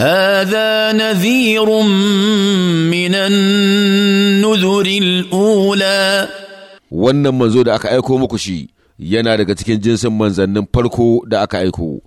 هذا نذير من النذر الأولى wannan manzo da aka aiko muku shi yana daga cikin jinsin manzannin farko da aka aiko